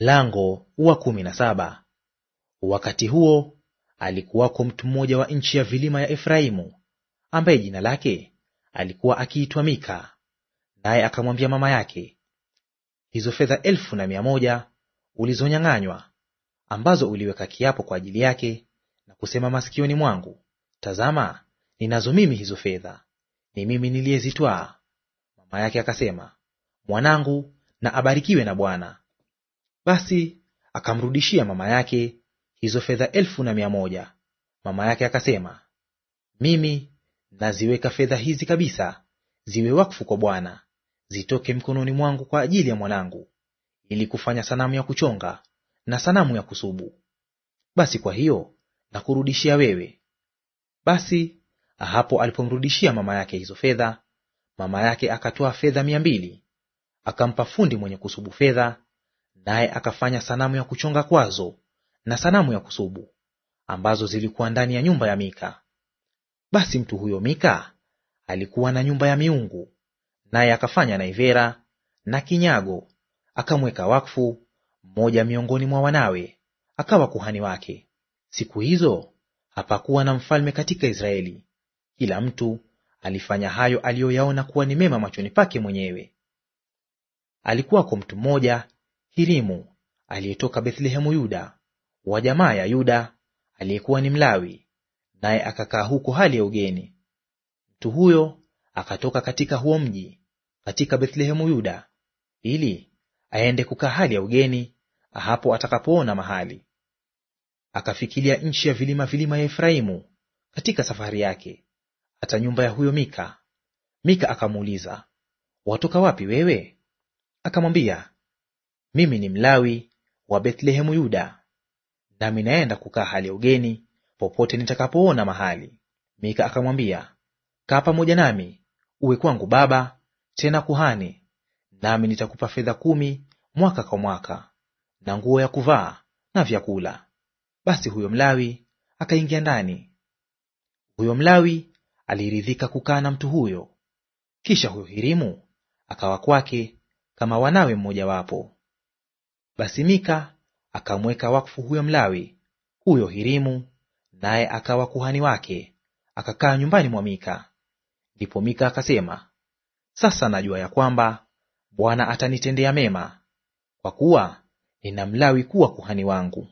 Lango wa kumi na saba. Wakati huo alikuwako mtu mmoja wa nchi ya vilima ya Efraimu, ambaye jina lake alikuwa akiitwa Mika, naye akamwambia mama yake, hizo fedha elfu na mia moja ulizonyang'anywa, ambazo uliweka kiapo kwa ajili yake na kusema masikioni mwangu, tazama, ninazo mimi hizo fedha, ni mimi niliyezitwaa. Mama yake akasema, mwanangu na abarikiwe na Bwana basi akamrudishia mama yake hizo fedha elfu na mia moja. Mama yake akasema, mimi naziweka fedha hizi kabisa ziwe wakfu kwa Bwana, zitoke mkononi mwangu kwa ajili ya mwanangu, ili kufanya sanamu ya kuchonga na sanamu ya kusubu. Basi kwa hiyo nakurudishia wewe. Basi hapo alipomrudishia mama yake hizo fedha, mama yake akatoa fedha mia mbili akampa fundi mwenye kusubu fedha naye akafanya sanamu ya kuchonga kwazo na sanamu ya kusubu, ambazo zilikuwa ndani ya nyumba ya Mika. Basi mtu huyo Mika alikuwa na nyumba ya miungu, naye akafanya naivera na kinyago, akamweka wakfu mmoja miongoni mwa wanawe, akawa kuhani wake. Siku hizo hapakuwa na mfalme katika Israeli; kila mtu alifanya hayo aliyoyaona kuwa ni mema machoni pake mwenyewe. Alikuwako mtu mmoja Hirimu aliyetoka Bethlehemu Yuda, wa jamaa ya Yuda, aliyekuwa ni Mlawi, naye akakaa huko hali ya ugeni. Mtu huyo akatoka katika huo mji katika Bethlehemu Yuda, ili aende kukaa hali ya ugeni hapo atakapoona mahali. Akafikilia nchi ya vilima vilima ya Efraimu katika safari yake, hata nyumba ya huyo Mika. Mika akamuuliza, watoka wapi wewe? Akamwambia, mimi ni Mlawi wa Bethlehemu Yuda, nami naenda kukaa hali ya ugeni popote nitakapoona mahali. Mika akamwambia, kaa pamoja nami, uwe kwangu baba, tena kuhani, nami nitakupa fedha kumi mwaka kwa mwaka, na nguo ya kuvaa na vyakula. Basi huyo Mlawi akaingia ndani. Huyo Mlawi aliridhika kukaa na mtu huyo. Kisha huyo Hirimu akawa kwake kama wanawe mmojawapo. Basi Mika akamweka wakfu huyo Mlawi, huyo Hirimu, naye akawa kuhani wake, akakaa nyumbani mwa Mika. Ndipo Mika akasema, sasa najua ya kwamba Bwana atanitendea mema, kwa kuwa nina Mlawi kuwa kuhani wangu.